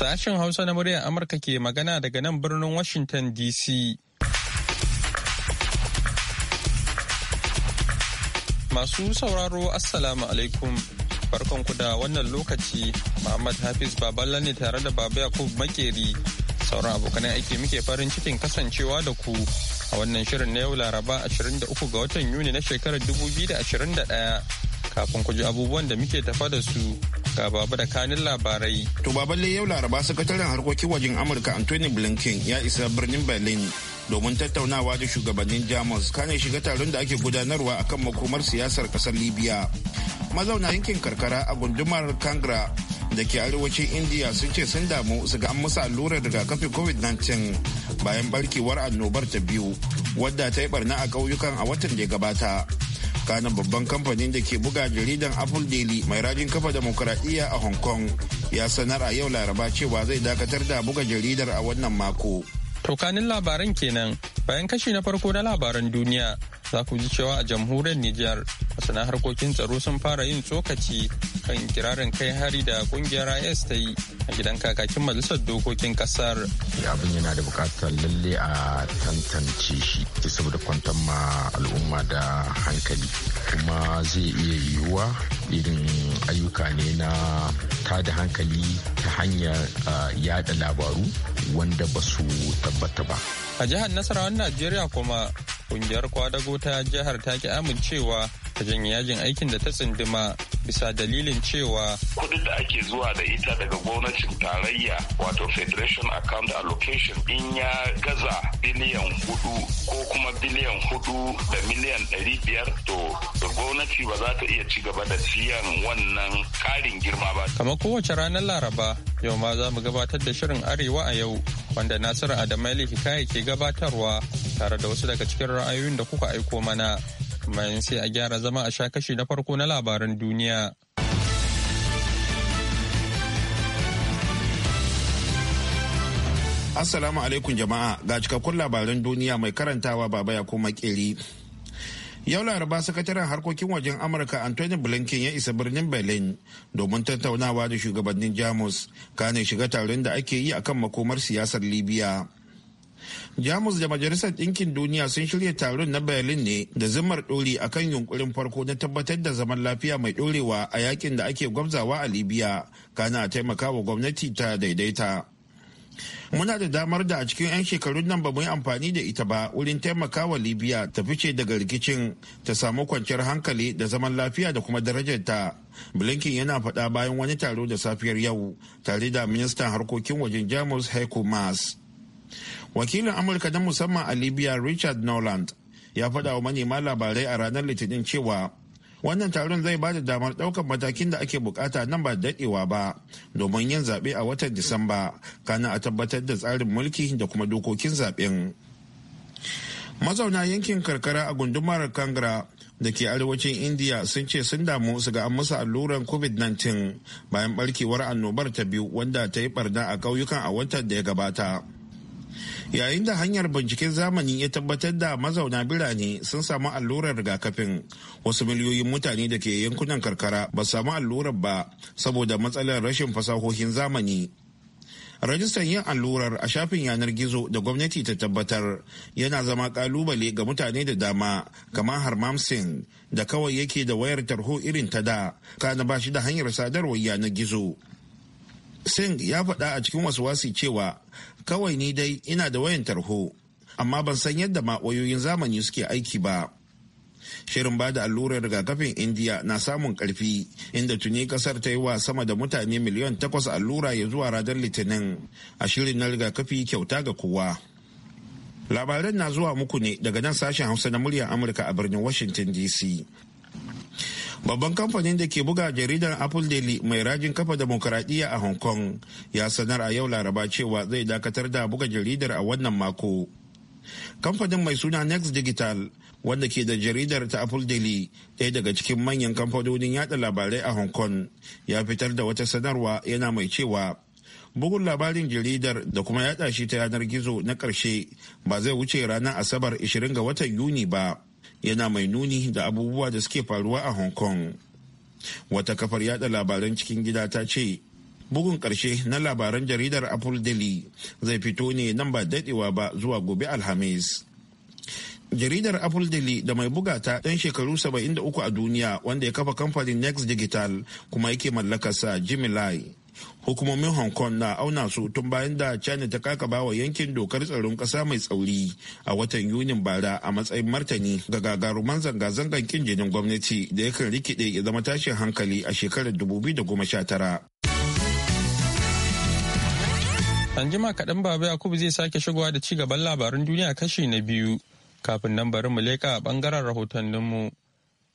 Sashen Hausa na muryar Amurka ke magana daga nan birnin Washington DC. Masu sauraro Assalamu alaikum. ku da wannan lokaci Muhammad Hafiz Baballa ne tare da Baba Yakub Makeri. Sauran abokan aiki muke farin cikin kasancewa da ku a wannan shirin na yau Laraba 23 ga watan Yuni na shekarar 2021. kafin ku ji abubuwan da muke tafa da su ga babu da kanin labarai. To baballe yau laraba sakataren harkokin wajen Amurka Anthony Blinken ya isa birnin Berlin domin tattaunawa da shugabannin Jamus kane shiga taron da ake gudanarwa akan makomar siyasar kasar Libya. Mazauna yankin karkara a gundumar Kangra da ke arewacin India sun ce sun damu su ga an musu allurar rigakafi COVID-19 bayan barkewar annobar ta biyu wadda ta yi barna a ƙauyukan a watan da ya gabata. kanan babban kamfanin da ke buga jaridan apple daily mai rajin kafa demokuraɗiyya a hong kong ya sanar a yau laraba cewa zai dakatar da buga jaridar a wannan mako. tokanin labaran kenan bayan kashi na farko na labaran duniya za ku ji cewa a jamhuriyar Nijar masana harkokin tsaro sun fara yin tsokaci kan kirarin kai hari da kungiyar IS ta yi a gidan kakakin majalisar dokokin kasar. Abin yana da bukatar lalle a tantance shi saboda kwantar ma al'umma da hankali kuma zai iya yiwuwa irin ayyuka ne na tada hankali ta hanyar ah, yada labaru wanda ba su tabbata ba. A jihar Nasarawar Najeriya kuma kungiyar kwadago ta jihar ta ki amincewa ta janye yajin aikin da ta tsindima bisa dalilin cewa kudin da ake zuwa da ita daga gwamnatin tarayya wato federation account allocation in ya gaza biliyan hudu ko kuma biliyan hudu da miliyan ɗari biyar to gwamnati ba za ta iya ci gaba da siyan wannan karin girma ba kamar kowace ranar laraba yau ma za mu gabatar da shirin arewa a yau wanda nasiru adamali hikaya ke gabatarwa tare da wasu daga cikin ra'ayoyin da kuka aiko mana Amma sai a gyara zama a sha kashi na farko na labaran duniya. Assalamu alaikum jama'a ga cikakkun labaran duniya mai karantawa baba ya kuma makeri. Yau laraba sakataren harkokin wajen Amurka Anthony Blinken ya isa birnin Berlin domin tattaunawa da shugabannin Jamus kane shiga taron da ake yi akan makomar siyasar Libya. jamus da majalisar ɗinkin duniya sun shirya taron na berlin ne da zimmar ɗori akan yunkurin farko na tabbatar da zaman lafiya mai ɗorewa a yakin da ake gwamzawa a libya kana taimakawa gwamnati ta daidaita muna da damar da a cikin 'yan shekarun nan ba mu yi amfani da ita ba wurin taimakawa libya ta fice daga rikicin ta samu kwanciyar hankali da zaman lafiya da kuma darajarta blinken yana faɗa bayan wani taro da safiyar yau tare da ministan harkokin wajen jamus heiko wakilin amurka na musamman a libya richard noland ya faɗa wa manema labarai a ranar litinin cewa wannan taron zai bada damar ɗaukar matakin da ake bukata nan ba daɗewa ba domin yin zaɓe a watan disamba kana a tabbatar da tsarin mulki da kuma dokokin zaɓen mazauna yankin karkara a gundumar kangra da ke arewacin indiya sun ce sun damu su ga an musu alluran covid-19 bayan barkewar annobar ta biyu wanda ta yi barna a ƙauyukan a watan da ya gabata yayin da hanyar binciken zamani ya tabbatar da mazauna birane sun samu allurar rigakafin wasu miliyoyin mutane da ke yankunan karkara ba samu allurar ba saboda matsalar rashin fasahohin zamani rajistan yin allurar a shafin yanar gizo da gwamnati ta tabbatar yana zama kalubale ga mutane da dama kamar harmam singh da kawai yake da wayar tarho irin ta da kana ba shi da hanyar sadarwar yanar gizo singh ya faɗa a cikin wasu wasi cewa kawai ni dai ina da wayan tarho amma ban san yadda ma zamani suke aiki ba shirin ba da allurar rigakafin indiya na samun karfi inda tuni kasar ta yi wa sama da mutane miliyan takwas allura ya zuwa ranar litinin a shirin na rigakafi kyauta ga kowa labaran na zuwa muku ne daga nan sashen hausa na muryar amurka a birnin washington dc babban kamfanin da ke buga jaridar apple daily mai rajin kafa demokuraɗiyya a hong kong ya sanar a yau laraba cewa zai dakatar da buga jaridar a wannan mako kamfanin mai suna next digital wanda ke da jaridar ta apple daily ɗaya daga cikin manyan kamfanonin yada labarai a hong kong ya fitar da wata sanarwa yana mai cewa bugun labarin jaridar da kuma yada shi ta yanar gizo na ƙarshe ba zai wuce ranar asabar 20 ga watan yuni ba yana mai nuni da abubuwa da suke faruwa a hong kong wata kafar yada labaran cikin gida ta ce bugun karshe na labaran jaridar apple daily zai fito ne nan ba dadewa ba zuwa gobe alhamis jaridar apple daily da mai buga ta ɗan shekaru 73 a duniya wanda ya kafa kamfanin next digital kuma yake mallakarsa jimmy lai hukumomin hong kong na auna su tun bayan da china ta kaka bawa yankin dokar tsaron kasa mai tsauri a watan yunin bara a matsayin martani ga gagaruman zanga zangan kin jinin gwamnati da yakan rikide ya zama tashin hankali a shekarar 2019 an jima kaɗan baba yakubu zai sake shigowa da ci gaban labarin duniya kashi na biyu kafin nan bari mu leƙa ɓangaren rahotanninmu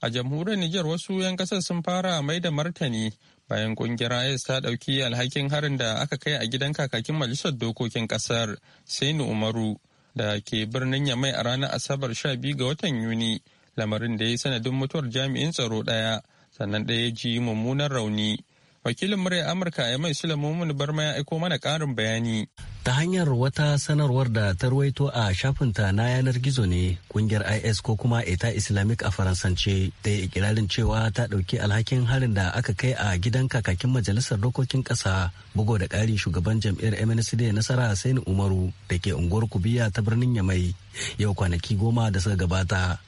a jamhuriyar nijar wasu 'yan ƙasar sun fara mai da martani bayan kungiyar is ta dauki alhakin harin da aka kai a gidan kakakin majalisar dokokin kasar saini umaru da ke birnin yamai a ranar asabar 12 ga watan yuni lamarin da ya yi sanadin mutuwar jami'in tsaro daya sannan ɗaya ji mummunan rauni wakilin murya amurka ya mai sulamumun barma ya aiko mana karin bayani ta hanyar wata sanarwar da ta ruwaito a shafin ta na yanar gizo ne kungiyar is ko kuma eta islamic a faransance ta yi ikirarin cewa ta ɗauki alhakin harin da aka kai a gidan kakakin majalisar dokokin kasa bugo da ƙari shugaban jam'iyyar mnsd nasara saini umaru da ke unguwar kubiya ta birnin yamai yau kwanaki goma da suka gabata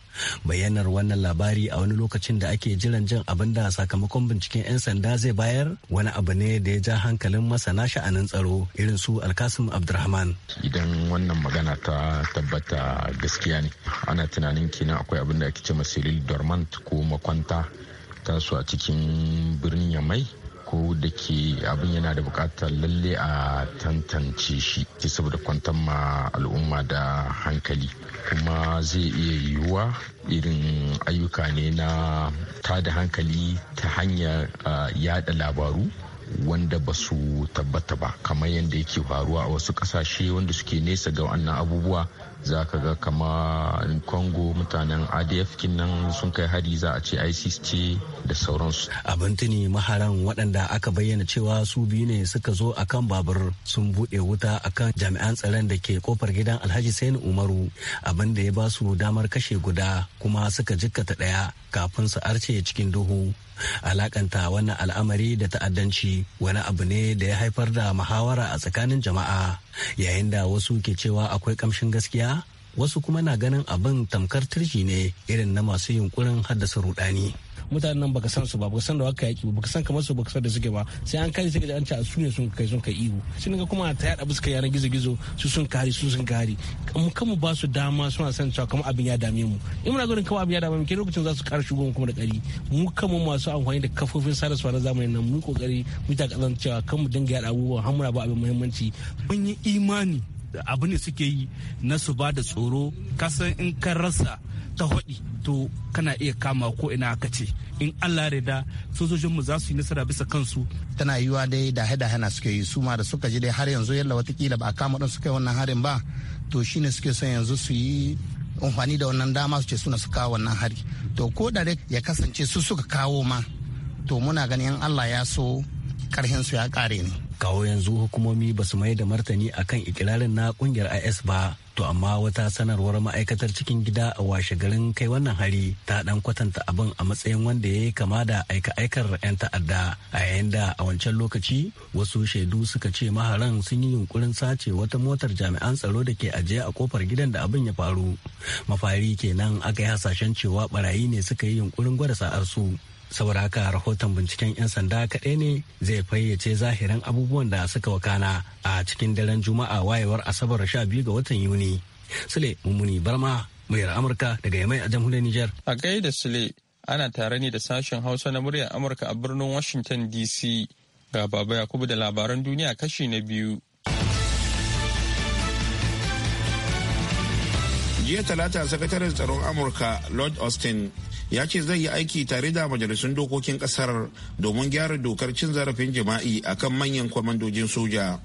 bayyanar wannan labari a wani lokacin da ake jiran jin abin da sakamakon binciken 'yan sanda zai bayar wani abu ne da ya ja hankalin masana sha'anin tsaro irin su alkasim abdurrahman idan wannan magana ta tabbata gaskiya ne ana tunanin kina akwai abin da ake ce masilil dormant ko makwanta tasu a cikin birnin yamai ko da ke abin yana da bukatar lalle a tantance shi ke saboda kwantar ma al'umma da hankali kuma zai iya yiwuwa irin ayyuka ne na ta da hankali ta hanyar yada labaru wanda ba su tabbata ba kamar yadda yake faruwa a wasu kasashe wanda suke nesa ga wannan abubuwa za ka ga kama congo mutanen adf nan sun kai hari za a ce isis ce da sauransu abin tuni maharan waɗanda aka bayyana cewa su biyu ne suka zo akan babur sun buɗe wuta akan jami'an tsaron da ke kofar gidan alhaji sain umaru abin da ya ba su damar kashe guda kuma suka jikkata ɗaya kafin su arce cikin duhu alakanta wannan al'amari da ta'addanci wani abu ne da ya haifar da muhawara a tsakanin jama'a yayin da wasu ke cewa akwai kamshin gaskiya wasu kuma na ganin abin tamkar turji ne irin na masu yunkurin haddasa rudani mutanen nan baka san su ba baka san da waka yaki ba baka san kamar su baka san da suke ba sai an kai sai an ce su ne sun kai sun kai ihu sun ga kuma ta yada buska yaran gizo gizo su sun kari su sun kari mu kamu ba su dama suna san cewa kamar abin ya dame mu in muna gurin kamar abin ya dame mu ke lokacin za su kara shugo kuma da kari mu kamu masu amfani da kafofin su na zamanin nan mu kokari mu ta kazan cewa kan dinga yada abubuwa har muna ba abin muhimmanci mun yi imani da abu ne suke yi na su ba da tsoro kasan in ka rasa ta hodi to kana iya kama ko ina aka ce in allah da mu za su yi nasara bisa kansu tana yiwuwa dai da hada hana suke yi su ma da suka ji dai har yanzu yalla watakila ba a kama ɗan suka yi wannan harin ba to shine suke son yanzu su yi amfani da wannan dama su ce suna su kawo wannan hari to ko da ya kasance su suka kawo ma to muna ganin allah ya so karhin su ya kare ni. kawo yanzu hukumomi ba su mai da martani akan ikirarin na kungiyar is ba to amma wata sanarwar ma'aikatar cikin gida a washe garin kai wannan hari ta dan kwatanta abin a matsayin wanda ya yi kama da aika-aikar 'yan ta'adda a yayin da a wancan lokaci wasu shaidu suka ce maharan sun yi yunkurin sace wata motar jami'an tsaro da ke ajiye a kofar gidan da abin ya faru mafari kenan aka yi hasashen cewa barayi ne suka yi yunkurin gwada sa'ar su saboda haka rahoton binciken 'yan sanda kaɗai ne zai fayyace zahirin abubuwan da suka wakana a cikin daren juma'a wayewar asabar 12 ga watan yuni sule mummuni barma mayar amurka daga yamai a jamhuriyar niger a gaida sule ana tare ne da sashen hausa na muryar amurka a birnin washington dc ga baba yakubu da labaran duniya kashi na biyu jiya talata sakataren tsaron amurka lord austin ya ce zai yi aiki tare da majalisun dokokin kasar domin gyara dokar cin zarafin jima'i a kan manyan kwamandojin soja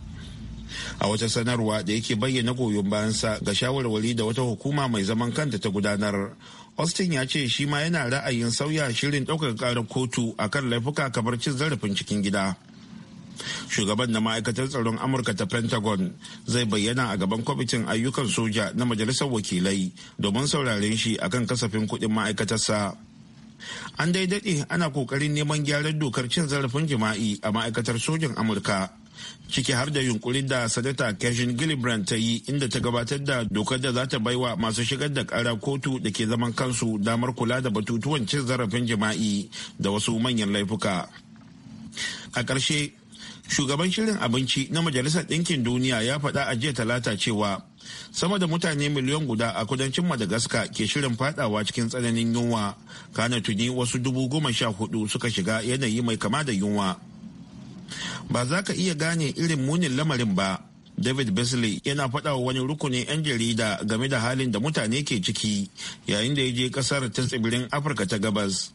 a wata sanarwa da yake bayyana goyon bayansa ga shawarwari da wata hukuma mai zaman kanta ta gudanar austin ya ce shi ma yana ra'ayin sauya shirin ɗaukar ƙarar kotu a kan laifuka kamar cin zarafin cikin gida shugaban na ma'aikatar tsaron amurka ta pentagon zai bayyana a gaban kwamitin ayyukan soja na majalisar wakilai domin sauraren shi akan kasafin kudin ma'aikatarsa an daidaɗe ana kokarin neman gyaran dokar cin zarafin jima'i a ma'aikatar sojan amurka ciki har da yunkurin da sadata kashin gillibrand ta yi inda ta gabatar da dokar da za ta wa masu shigar da kara kotu da ke zaman kansu damar kula da batutuwan cin zarafin jima'i da wasu manyan laifuka a ƙarshe shugaban shirin abinci na majalisar ɗinkin duniya ya faɗa a jiya talata cewa sama da mutane miliyan guda a kudancin madagascar ke shirin fadawa cikin tsananin yunwa kana tuni wasu dubu goma sha hudu suka shiga yanayi mai kama da yunwa ba za ka iya gane irin munin lamarin ba david besley yana faɗa wa wani rukunin 'yan jarida game da halin da mutane ke ciki yayin da ya je ƙasar ta tsibirin afirka ta gabas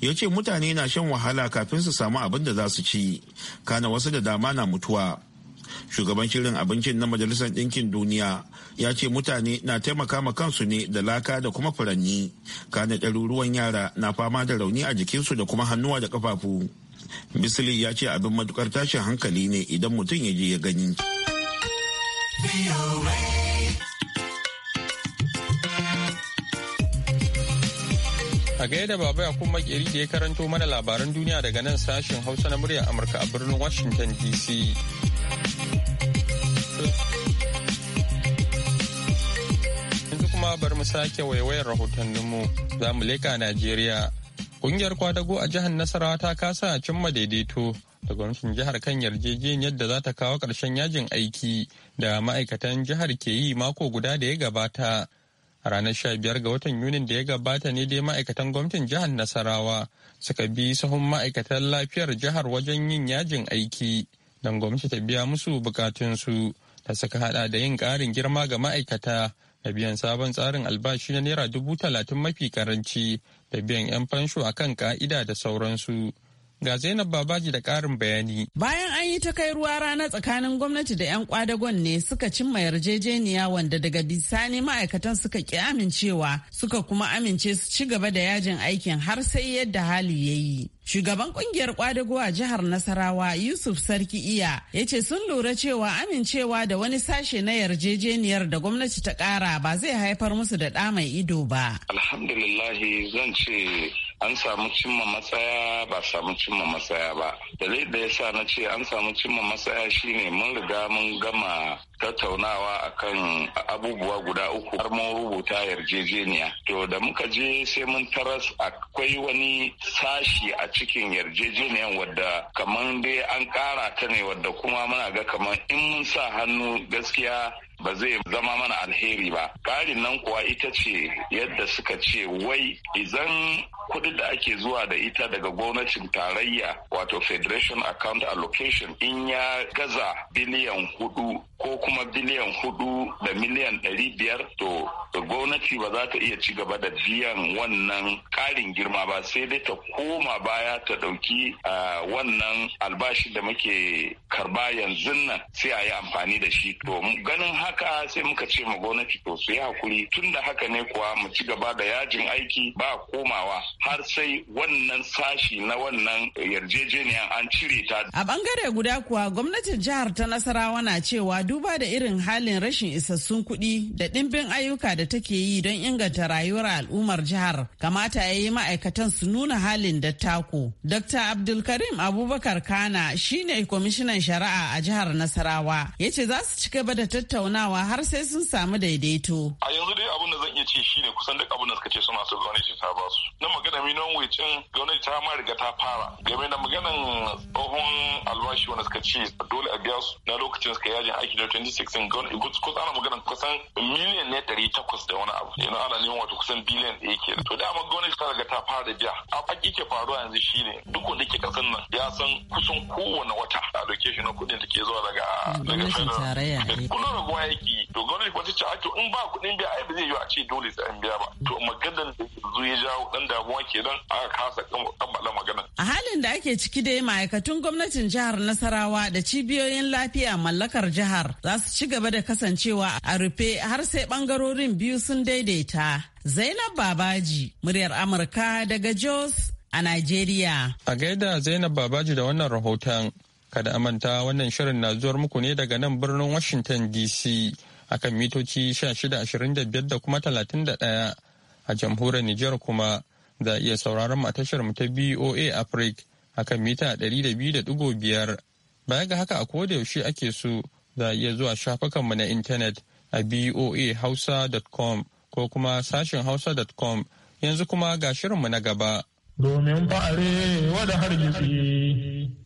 ya ce mutane na shan wahala kafin su samu abin da za su ci kana wasu da dama na mutuwa shugaban shirin abincin na majalisar ɗinkin duniya ya ce mutane na taimaka ma kansu ne da laka da kuma furanni kana ɗaruruwan yara na fama da rauni a jikinsu da kuma hannuwa da ƙafafu misali ya ce abin matukar tashin hankali ne idan mutum ya je ya gani. A gaya da baba ya kuma makeri da ya karanto mana labaran duniya daga nan sashen Hausa na muryar Amurka a birnin Washington DC. Yanzu kuma bar mu sake waiwayar rahotanninmu za mu a Najeriya. Kungiyar kwadago a jihar Nasarawa ta kasa cimma daidaito da gwamnatin jihar kan yarjejeniyar da za ta kawo ƙarshen yajin aiki da ma'aikatan jihar ke yi mako guda da ya gabata. ranar 15 ga watan yunin da ya gabata ne dai ma'aikatan gwamnatin jihar nasarawa suka bi sahun ma'aikatan lafiyar jihar wajen yin yajin aiki don gwamnati ta biya musu bukatunsu da suka hada da yin karin girma ga ma'aikata da biyan sabon tsarin albashi na naira dubu talatin mafi karanci da biyan 'yan fansho akan ka'ida da sauransu. Ga Zainab Babaji da ƙarin bayani. Bayan an yi ta kai ruwa rana tsakanin gwamnati da 'yan kwadagon ne suka cimma yarjejeniya wanda daga bisani ma'aikatan suka ki amincewa suka kuma amince su ci gaba da yajin aikin har sai yadda hali ya yi. Shugaban kungiyar kwadago a jihar Nasarawa Yusuf Sarki Iya ya ce sun lura cewa amincewa da wani sashe na yarjejeniyar da gwamnati ta ƙara ba zai haifar musu da ɗa mai ido ba. Alhamdulillahi zan ce an samu cimma matsaya ba samu cimma matsaya ba dalilin da sa na ce an samu cimma matsaya shine mun riga mun gama tattaunawa akan abubuwa guda uku har mun rubuta yarjejeniya to da muka je sai mun taras akwai wani sashi a cikin yarjejeniyan wadda kamar dai an kara ta ne wadda kuma muna ga kamar in mun sa hannu gaskiya ba zai zama mana alheri ba ƙarin nan kuwa ita ce yadda suka ce wai idan kuɗi da ake zuwa da ita daga gwamnatin tarayya wato federation account allocation in ya gaza biliyan hudu ko kuma biliyan hudu da miliyan ɗari biyar to gwamnati ba za ta iya cigaba da biyan wannan ƙarin girma ba sai dai ta koma baya ta ɗauki wannan albashi da muke karba yanzu nan sai a yi amfani da shi to haka sai muka ce ma gwamnati to su yi hakuri tun da haka ne kuwa mu ci gaba da yajin aiki ba komawa har sai wannan sashi na wannan yarjejeniyar an cire ta. A bangare guda kuwa gwamnatin jihar ta Nasarawa na cewa duba da irin halin rashin isassun kuɗi da ɗimbin ayyuka da take yi don inganta rayuwar al'ummar jihar kamata ya yi ma'aikatan su nuna halin da tako. Dr. Abdulkarim Abubakar Kana shine kwamishinan shari'a a jihar Nasarawa ya ce za su ci gaba da tattauna tattaunawa har sai sun samu daidaito. A yanzu dai abin da zan iya ce shine kusan duk abin da suka ce suna so gwamnati ta ba su. Na magana minon wicin gwamnati ta ma riga ta fara. Game da maganan tsohon albashi wanda suka ce dole a biya su na lokacin suka yajin aiki da 2016 gwamnati kusan ana maganan kusan miliyan ne ɗari takwas da wani abu. Yanzu ana neman wato kusan biliyan ɗaya ke. To dama gwamnati ta riga ta fara biya. A faki ke faruwa yanzu shine duk wanda ke kasan nan ya san kusan kowane wata a doke na kuɗin da ke zuwa daga. Daga tarayya. Kuna raguwa aiki to gwamnati kuma ta to in ba kuɗin biya ai ba zai yiwu a ce dole sai an biya ba to maganar da yanzu ya jawo dan damuwa kenan aka kasa kammala magana a halin da ake ciki dai ma'aikatun gwamnatin jihar Nasarawa da cibiyoyin lafiya mallakar jihar za su ci gaba da kasancewa a rufe har sai bangarorin biyu sun daidaita Zainab Babaji muryar Amurka daga Jos a Najeriya. A gaida Zainab Babaji da wannan rahoton Kada a manta wannan shirin na zuwar muku ne daga nan birnin Washington DC akan mitoci 1625 da kuma 31 a jamhuriyar Nijar kuma za a iya sauraron tashar mu ta BOA Africa akan mita 200.5 baya ga haka a koda yaushe ake so za a iya zuwa shafukanmu na intanet a boahausa.com ko kuma sashen hausa.com yanzu kuma ga shirinmu na gaba. Domin fa'are da hargitsi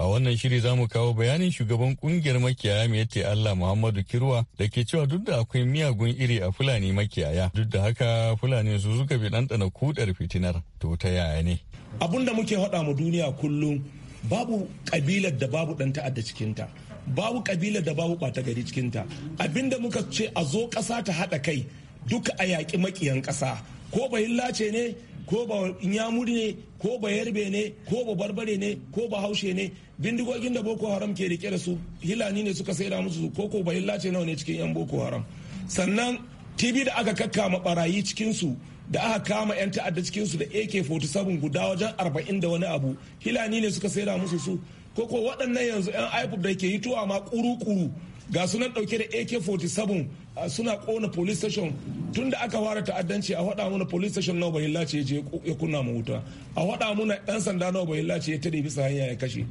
A wannan shiri za mu kawo bayanin shugaban kungiyar makiyaya mai yace Allah Muhammadu Kirwa da ke cewa duk da akwai miyagun iri a Fulani makiyaya duk da haka Fulani su suka fi ɗanɗana kudar fitinar to ta yaya ne. Abun da muke haɗa mu duniya kullum babu kabilar da babu ɗan ta'adda cikinta. Babu kabilar da babu ɓata gari cikinta. Abinda muka ce a zo ƙasa ta haɗa kai duk a yaƙi makiyan ƙasa. Ko bahilla ce ne ko ba inyamuri ne ko ba yarbe ne ko ba barbare ne ko ba haushe ne bindigogin da boko haram ke rike da su hilani ne suka saida musu ko ko ba hillace nawa ne cikin yan boko haram sannan tv da aka kakkama barayi cikin su da aka kama 'yan ta'adda cikin su da ak-47 guda wajen 40 da wani abu hilani ne suka saida musu su ko ko waɗannan yanzu 'yan ipod da ke tuwa ma kuru-kuru ga sunan dauke da ak-47 suna kona police station tun da aka fara ta'addanci a hada muna police station nawa bai lace ya kunna mu wuta a hada muna ɗan sanda nawa bai lace ya tare bisa hanya ya kashe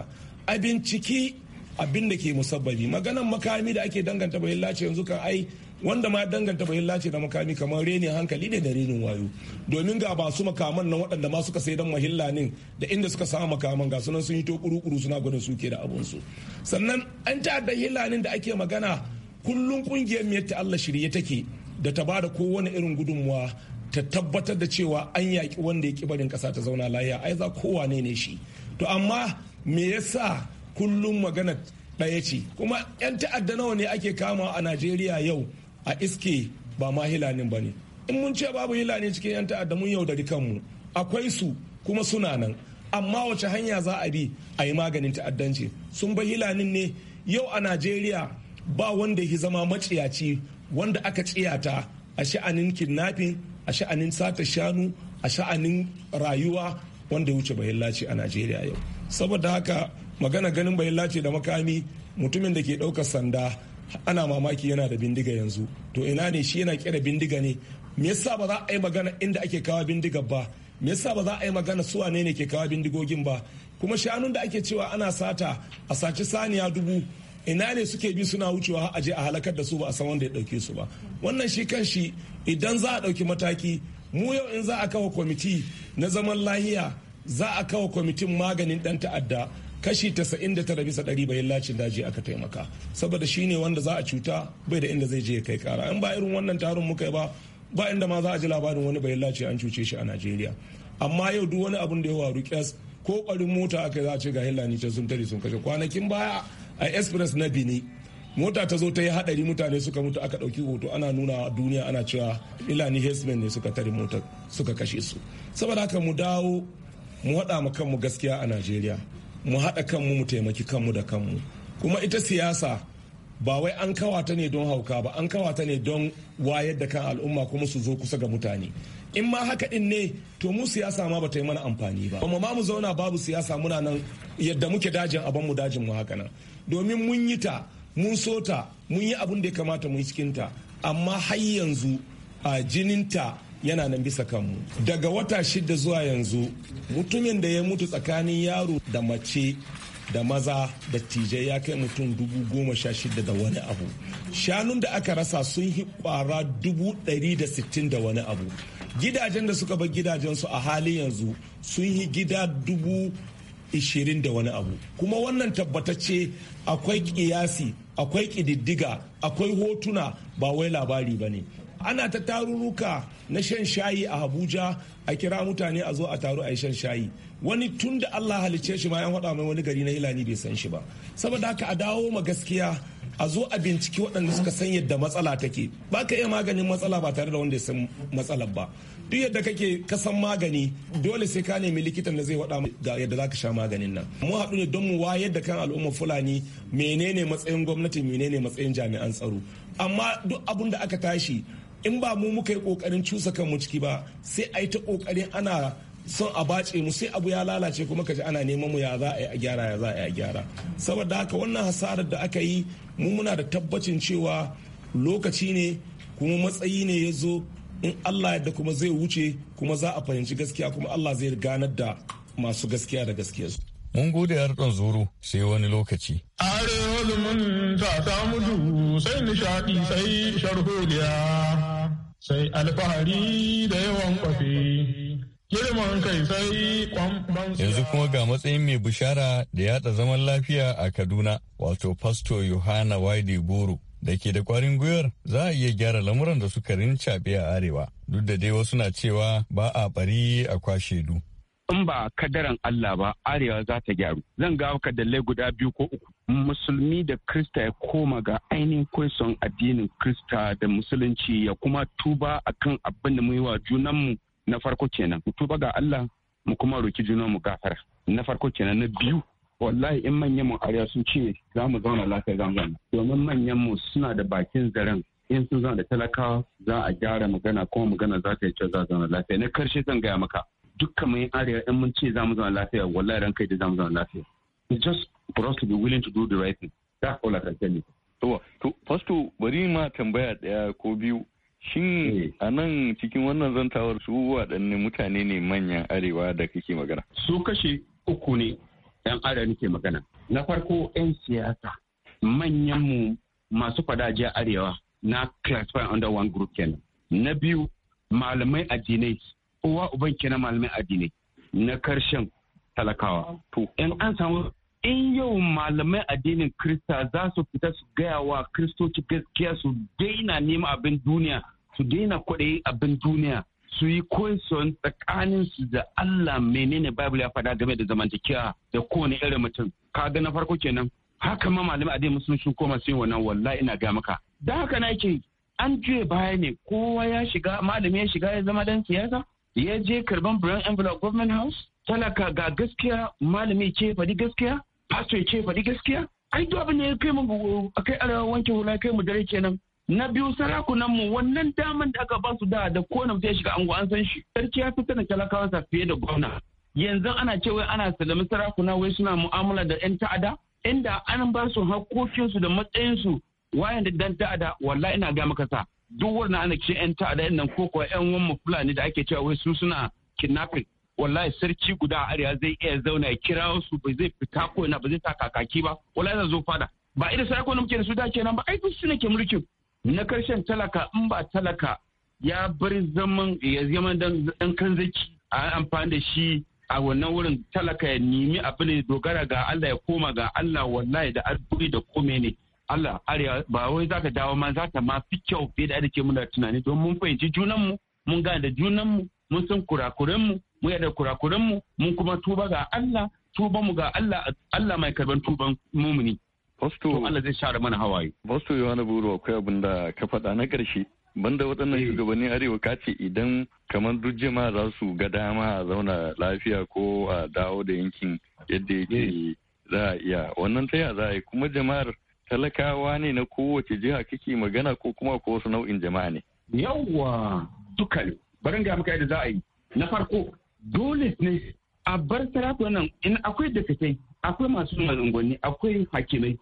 a binciki abin da ke musabbabi maganan makami da ake danganta bai lace yanzu kan ai wanda ma danganta bahilla ce da makami kamar renin hankali ne da renin wayo domin ga ba su makaman nan waɗanda ma suka sai dan mahilla ne da inda suka samu makaman ga sunan sun yi to kuru-kuru suna gudun suke da abunsu sannan an ta da hillanin da ake magana kullum kungiyar miyar ta Allah shirye take da ta bada kowane irin gudunmuwa ta tabbatar da cewa an yaƙi wanda ya ƙi barin ƙasa ta zauna lafiya ai za kowa ne shi to amma me yasa kullum magana ɗaya ce kuma 'yan ta'adda nawa ne ake kama a najeriya yau a iske ba ma hilanin ba ne in mun ce babu hilani cikin 'yan ta'adda mun yaudari kanmu akwai su kuma suna nan amma wace hanya za a bi a yi maganin ta'addanci sun bai hilanin ne yau a najeriya ba wanda ya zama maciyaci wanda aka tsiyata a sha'anin kidnapping a sha'anin sata shanu a sha'anin rayuwa wanda ya wuce bahillaci a najeriya yau saboda haka magana ganin bahillaci da makami mutumin da ke ɗaukar sanda ana mamaki yana da bindiga yanzu to ina ne shi yana kera bindiga ne me yasa ba za a yi magana inda ake kawo bindiga ba me yasa ba za a yi magana su wane ne ke kawo bindigogin ba kuma shanun da ake cewa ana sata a saci saniya dubu ina ne suke bi suna wucewa a je a halakar da su ba a san wanda ya dauke su ba wannan shi kan shi idan za a dauki mataki mu yau in za a kawo kwamiti na zaman lahiya za a kawo kwamitin maganin dan ta'adda kashi 99 bisa ɗari bayan lacin daji aka taimaka saboda shi ne wanda za a cuta bai da inda zai je ya kai kara in ba irin wannan taron muka yi ba ba inda ma za a ji labarin wani bayan lacin an cuce shi a Najeriya amma yau duk wani abun da ya waru kyas ko ƙwarin mota aka za a ce ga hillani can sun tare sun kashe kwanakin baya a express na Bini mota ta zo ta yi hadari mutane suka mutu aka ɗauki hoto ana nuna duniya ana cewa ilani hesman ne suka tare motar suka kashe su saboda haka mu dawo mu haɗa mu kanmu gaskiya a najeriya mu haɗa kanmu mu taimaki kanmu da kanmu kuma ita siyasa ba wai an kawata ne don hauka ba an kawata ne don wayar da kan al'umma kuma su zo kusa ga mutane in ma haka din ne to mu siyasa ma bata yi mana amfani ba amma ma mu zauna babu siyasa muna nan yadda muke dajin abin mu dajin mu haka nan domin mun yi ta mun so ta mun yi abin da ya kamata mu yi cikin ta amma har yanzu a jinin ta. yana nan bisa kanmu daga wata shida zuwa yanzu mutumin da ya mutu tsakanin yaro da mace da maza da tijai ya kai mutum dubu goma sha shida da wani abu shanun da aka rasa sun hi kwara dubu ɗari da sittin da wani abu gidajen da suka bar gidajensu a halin yanzu sun yi gida dubu ishirin da wani abu kuma wannan tabbatacce akwai kiyasi akwai ƙididdiga akwai hotuna ba wai labari ba ne ana ta tarurruka na shan shayi a abuja a kira mutane a zo a taru a yi shan shayi wani tun da allah halicce shi ma yan faɗa mai wani gari na hilani bai san shi ba saboda haka a dawo ma gaskiya a zo a binciki waɗanda suka san yadda matsala take ba ka iya maganin matsala ba tare da wanda ya san matsala ba duk yadda kake ka san magani dole sai ka nemi likitan da zai waɗa ga yadda za ka sha maganin nan mu haɗu ne don mu wayar da kan al'umma fulani menene matsayin gwamnati menene matsayin jami'an tsaro amma duk abun da aka tashi in ba mu muka yi kokarin cusa kanmu ciki ba sai a yi ta kokarin ana son a bace mu sai abu ya lalace kuma ka kaji ana neman mu ya za a yi a gyara ya za a yi a gyara saboda haka wannan hasarar da aka yi mu muna da tabbacin cewa lokaci ne kuma matsayi ne ya zo in allah yadda kuma zai wuce kuma za a fahimci gaskiya kuma allah zai ganar da masu gaskiya da su. mun gode ɗan zuru sai wani lokaci. Are holumin ta samu sai nishaɗi sai sharholiya. sai alfahari da yawan kwafi. Girman kai sai kwamban Yanzu kuma ga matsayin mai bishara da yada zaman lafiya a Kaduna, wato Pasto Yohana Waide Boro. Da ke da kwarin gwiwar za a iya gyara lamuran da suka rincaɓe a arewa, duk da dai wasu na cewa ba a bari a kwashe du. in ba kadaran Allah ba arewa za ta gyaru zan ga ka dalilai guda biyu ko uku musulmi da krista ya koma ga ainihin kwaison addinin krista da musulunci ya kuma tuba akan abin da muyi wa junanmu na farko kenan mu tuba ga Allah mu kuma roki junanmu gafara na farko kenan na biyu wallahi in manyan mu arewa sun ce za mu zauna lafiya za mu zauna domin manyan mu suna da bakin zaren in sun zana da talakawa za a gyara magana kuma magana za ta yi kyau za zauna lafiya na karshe zan gaya maka dukkan mai arewa in mun ce za mu zama lafiya wallahi ran kai da za mu zama lafiya it's just for us to be willing to do the right thing that's all I can tell you to to fasto bari ma tambaya daya ko biyu shin eh. a nan cikin wannan zantawar su waɗanne mutane ne manyan arewa da kake magana su kashe uku ne yan arewa nake magana na farko yan siyasa manyan mu masu fadaji arewa na classify under one group kenan na biyu malamai addinai uwa uban ke na malamin addini na karshen talakawa to in an samu in yau malamai addinin krista za su fita su gaya wa kristoci gaskiya su daina nema abin duniya su daina kwaɗayi abin duniya su yi koyon tsakanin su da Allah menene Bible ya faɗa game da zamantakewa da kowane irin mutum kaga na farko kenan haka ma malamai addinin musulunci koma sun wannan wallahi ina ga maka da haka na yake an juye baya ne kowa ya shiga malami ya shiga ya zama dan siyasa ya je karban brown envelope government house talaka ga gaskiya malami ce faɗi gaskiya pastor ce faɗi gaskiya ai duk abin da ya kai mu kai arewa wanke hula kai mu dare kenan na biyu sarakunan mu wannan daman da aka ba su da da kowane mutum ya shiga ango an san shi sarki ya fi sanin sa fiye da gwamna yanzu ana cewa ana salami sarakuna wai suna mu'amala da yan ta'ada inda an ba su hakkokinsu da matsayinsu wayan da dan ta'ada wallahi ina ga maka sa duk wannan ana ce yan ta'adda nan ko kuwa yan wamma fulani da ake cewa wai su suna kidnapping wallahi sarki guda a arewa zai iya zauna ya kira su ba zai fita ko ina ba zai sa kakaki ba wallahi zai zo fada ba irin sai ko muke da su da kenan ba ai duk su ke mulkin na karshen talaka in ba talaka ya bar zaman ya zama dan kanzaki a amfani da shi a wannan wurin talaka ya nemi abin dogara ga Allah ya koma ga Allah wallahi da addu'i da kome ne Allah arewa ba wai za ka dawo ma za ta ma fi kyau fiye da ake muna tunani don mun fahimci junanmu mun gane da junanmu mun san kurakurenmu mun yada kurakurenmu mun kuma tuba ga Allah tuba mu ga Allah Allah mai karban tuban mumuni Bosto Allah zai share mana hawaye Bosto Yohana Buru akwai abin da ka faɗa na ƙarshe banda waɗannan eh. shugabannin arewa ka ce idan kamar duk jama'a za su ga dama a zauna lafiya ko a dawo da yankin yadda yake eh. za a iya wannan ta za a yi kuma jama'ar talakawa ne na kowace jiha kake magana ko kuma ko wasu nau'in jama'a ne yawwa duka ne barin ga muka yadda za a yi na farko dole ne a bar nan in akwai dakatai akwai masu malungwani akwai hakimai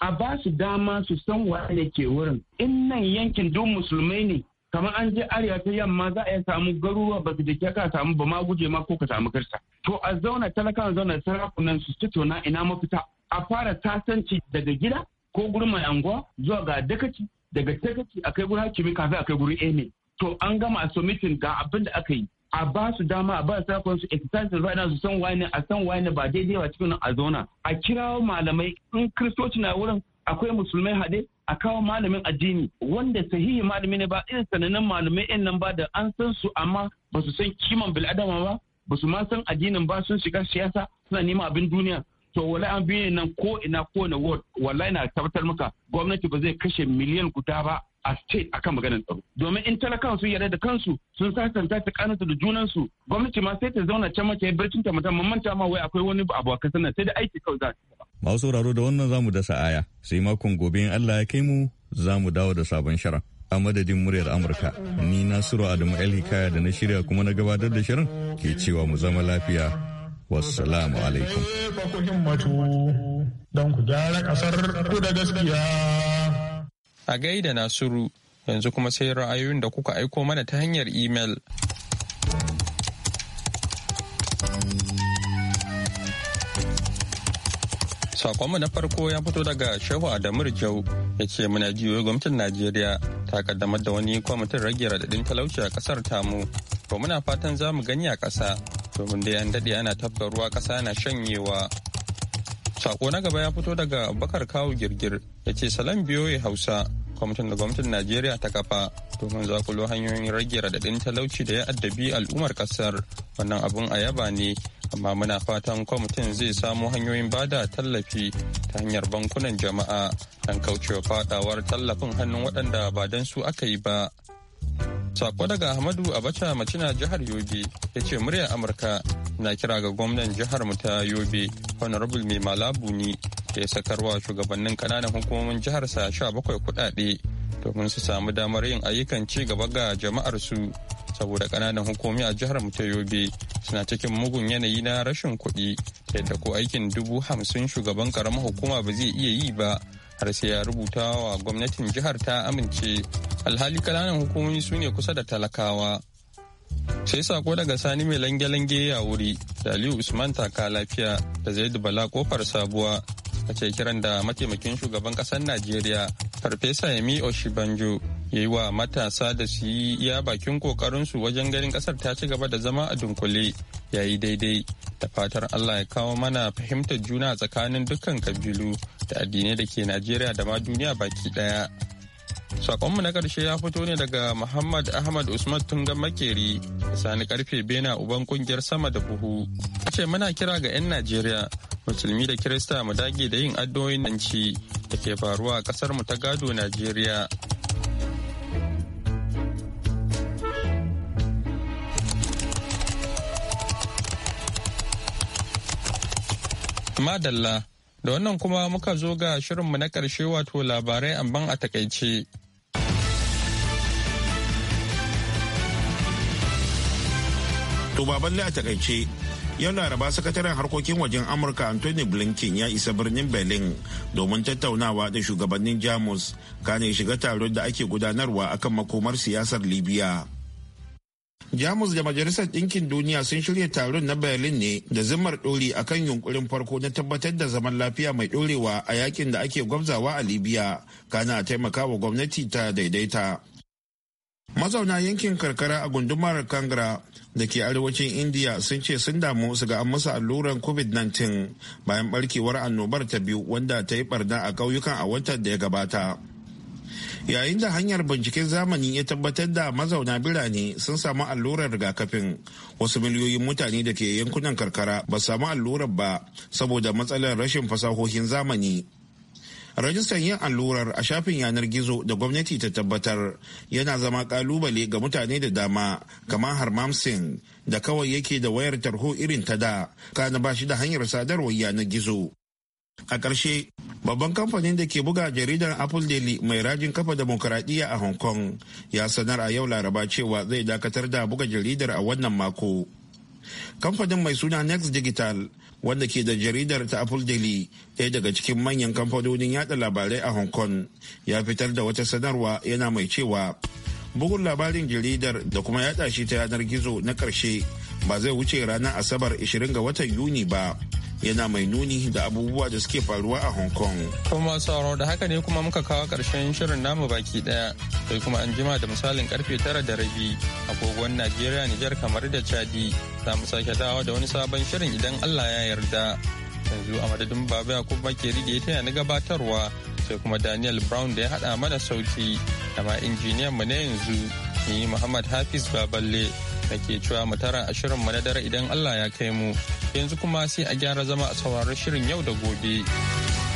a ba su dama su san waye ke wurin in nan yankin duk musulmai ne kamar an je arewa ta yamma za a iya samu garuruwa ba su da ka samu ba ma guje ma ko ka samu karsa. to a zauna talakawa zauna nan su tona ina mafita a fara tasanci daga gida ko gurin mai anguwa zuwa ga dakaci daga dakaci akai gurin hakimi kafin akai gurin eme to an gama a submitting ga abin da aka yi a ba su dama a ba su sakon su exercise right now su san wani a san wani ba daidai ba cikin a zona a kirawo malamai in kristoci na wurin akwai musulmai haɗe a kawo malamin addini wanda sahihi malami ne ba irin sanannen malamai ɗin nan ba da an san su amma ba su san kiman bil'adama ba ba su ma san addinin ba sun shiga siyasa suna neman abin duniya to wala an biye nan ko ina ko na ward wallahi na tabbatar maka gwamnati ba zai kashe miliyan guda ba a state akan maganar tsaro domin in talakawa sun yarda da kansu sun sasanta ta kanata da junansu gwamnati ma sai ta zauna can mace barcin ta mutum manta ma wai akwai wani abu a sai da aiki kawai za ta masu sauraro da wannan zamu dasa aya sai makon gobe in Allah ya kai mu zamu dawo da sabon sharan a madadin muryar Amurka ni Nasiru Adamu El Hikaya da na shirya kuma na gabatar da shirin ke cewa mu zama lafiya wassalamu alaikum eh, don ku da gaskiya a gaida nasiru yanzu kuma sai ra'ayoyin da kuka aiko mana ta hanyar imel sakonmu na farko ya fito daga shehu adamu jau ya ce muna jiyo gwamnatin najeriya ta kaddamar da wani kwamitin rage radadin talauci a kasar tamu to muna fatan za mu gani a ƙasa domin dai an daɗe ana tafka ruwa ƙasa na shanyewa sako na gaba ya fito daga bakar kawo girgir ya ce salam ya hausa kwamitin da gwamnatin najeriya ta kafa domin zakulo hanyoyin rage radadin talauci da ya addabi al'ummar kasar wannan abun a yaba ne amma muna fatan kwamitin zai samo hanyoyin bada tallafi ta hanyar bankunan jama'a don kaucewa fadawar tallafin hannun waɗanda ba don su aka yi ba Sako daga Ahmadu Abacha Macina jihar Yobe ya ce muryar Amurka na kira ga gwamnan jihar mu ta Yobe Honorable Mai Malabu ni da ya sakarwa shugabannin kananan hukumomin jihar sa bakwai kudade domin su samu damar yin ayyukan ci gaba ga jama'ar su saboda kananan hukumomi a jihar mu ta Yobe suna cikin mugun yanayi na rashin kuɗi yadda ko aikin dubu hamsin shugaban karamar hukuma ba zai iya yi ba har sai ya rubuta wa gwamnatin jihar ta amince alhali kananan hukumomi su ne kusa da talakawa sai sako daga sani mai lange-lange ya wuri da aliyu usman taka lafiya da zai dubala kofar sabuwa a ce kiran da mataimakin shugaban kasar najeriya farfesa yemi oshibanjo ya yi wa matasa da su yi iya bakin su wajen ganin kasar ta ci gaba da zama a dunkule ya yi daidai da fatar allah ya kawo mana fahimtar juna tsakanin dukkan kabilu da addinai da ke najeriya da ma duniya baki ɗaya Sakonmu na karshe ya fito ne daga Muhammad Ahmad Usman Tungan Makeri, sani karfe bena uban kungiyar sama da buhu. Ce muna kira ga 'yan Najeriya musulmi da kirista mu dage da yin addu'o'in nanci da ke faruwa a kasar mu ta gado najeriya madalla da wannan kuma muka zo ga shirinmu na karshe wato labarai amban a takaice to baballe a takaice yau laraba sakataren harkokin wajen amurka anthony blinken ya isa birnin berlin domin tattaunawa da shugabannin jamus kane shiga taron da ake gudanarwa akan makomar siyasar libya jamus da majalisar ɗinkin duniya sun shirya taron na berlin ne da zimmar ɗori akan yunkurin farko na tabbatar da zaman lafiya mai ɗorewa a yakin da ake gwabzawa a libya kana taimakawa gwamnati ta daidaita mazauna yankin karkara a gundumar kangra da ke arewacin indiya sun ce sun damu su ga an masa alluran covid-19 bayan barkewar annobar ta biyu wanda ta yi barna a ƙauyukan a watan da ya gabata yayin da hanyar binciken zamani ya tabbatar da mazauna birane sun samu allurar rigakafin wasu miliyoyin mutane da ke yankunan karkara ba samu allurar ba saboda matsalar rashin fasahohin zamani rajistan yin allurar a shafin yanar gizo da gwamnati ta tabbatar yana zama kalubale ga mutane da dama kamar harmam da kawai yake da wayar tarho irin ta da kana ba shi da hanyar sadarwar yanar gizo a ƙarshe babban kamfanin da ke buga jaridar apple daily mai rajin kafa demokuraɗiyya a hong kong ya sanar a yau laraba cewa zai dakatar da buga jaridar a wannan mako kamfanin mai suna next digital wanda ke da jaridar ta apple daily ɗaya daga cikin manyan kamfanonin yada labarai a hong kong ya fitar da wata sanarwa yana mai cewa bugun labarin jaridar da kuma yada shi ta yanar gizo na ƙarshe ba zai wuce ranar asabar 20 ga watan yuni ba yana mai nuni da abubuwa da suke faruwa a hong kong kuma sauraro da haka ne kuma muka kawo karshen shirin namu baki daya sai kuma an jima da misalin karfe tara da rabi agogon najeriya nijar kamar da chadi za mu sake dawo da wani sabon shirin idan allah ya yarda yanzu a madadin baba ya kuma ke rige ta yana gabatarwa sai kuma daniel brown da ya hada mana sauti da ma injiniyan mu na yanzu ni muhammad hafiz baballe Nake cewa mu tara a shirin mu na dare idan Allah ya kai mu. Yanzu kuma sai a gyara zama a sauraron shirin yau da gobe.